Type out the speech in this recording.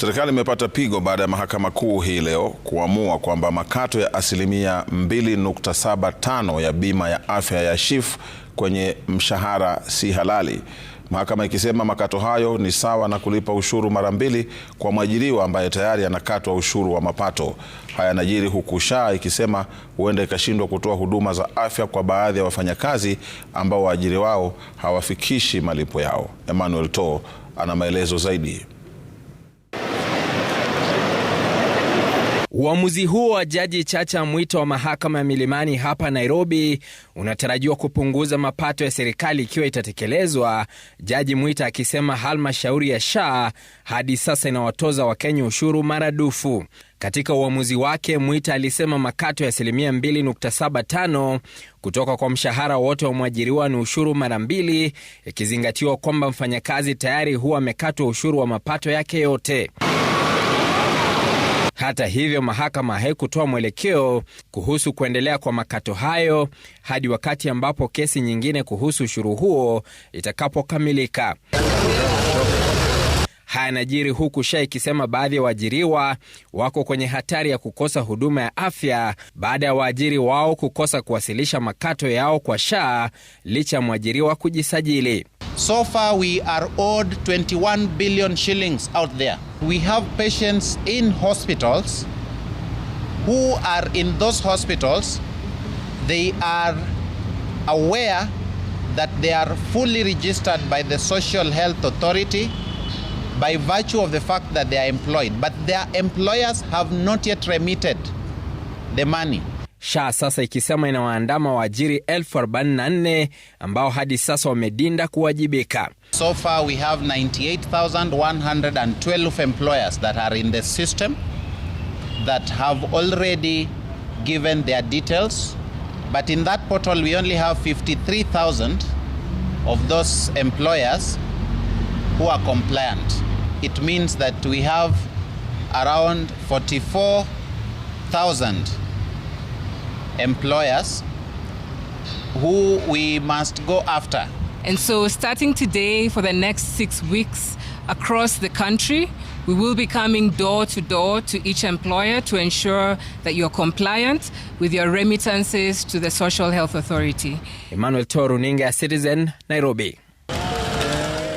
Serikali imepata pigo baada ya mahakama kuu hii leo kuamua kwamba makato ya asilimia 2.75 ya bima ya afya ya SHIF kwenye mshahara si halali. Mahakama ikisema makato hayo ni sawa na kulipa ushuru mara mbili kwa mwajiriwa ambaye tayari anakatwa ushuru wa mapato. Haya yanajiri huku SHA ikisema huenda ikashindwa kutoa huduma za afya kwa baadhi ya wafanyakazi ambao waajiri wao hawafikishi malipo yao. Emmanuel To ana maelezo zaidi. Uamuzi huo wa Jaji Chacha Mwita wa mahakama ya Milimani hapa Nairobi unatarajiwa kupunguza mapato ya serikali ikiwa itatekelezwa, Jaji Mwita akisema halmashauri ya SHA hadi sasa inawatoza Wakenya ushuru maradufu. Katika uamuzi wake Mwita alisema makato ya asilimia 2.75 kutoka kwa mshahara wote wa mwajiriwa ni ushuru mara mbili, ikizingatiwa kwamba mfanyakazi tayari huwa amekatwa ushuru wa mapato yake yote. Hata hivyo, mahakama haikutoa mwelekeo kuhusu kuendelea kwa makato hayo hadi wakati ambapo kesi nyingine kuhusu ushuru huo itakapokamilika. Haya najiri huku SHA ikisema baadhi ya waajiriwa wako kwenye hatari ya kukosa huduma ya afya baada ya waajiri wao kukosa kuwasilisha makato yao kwa SHA licha ya mwajiriwa kujisajili. So far we are owed 21 billion shillings out there. We have patients in hospitals who are in those hospitals. They are aware that they are fully registered by the Social Health Authority by virtue of the fact that they are employed, but their employers have not yet remitted the money. SHA sasa ikisema inawaandama waajiri elfu arobaini na ambao hadi sasa wamedinda kuwajibika. So far we have 98,112 employers that are in the system that have already given their details but in that portal we only have 53,000 of those employers who are compliant. It means that we have around 44,000 employers who we must go after. And so, starting today for the next six weeks across the country, we will be coming door to door to each employer to ensure that you're compliant with your remittances to the Social Health Authority. Emmanuel Toruninga, Citizen, Nairobi.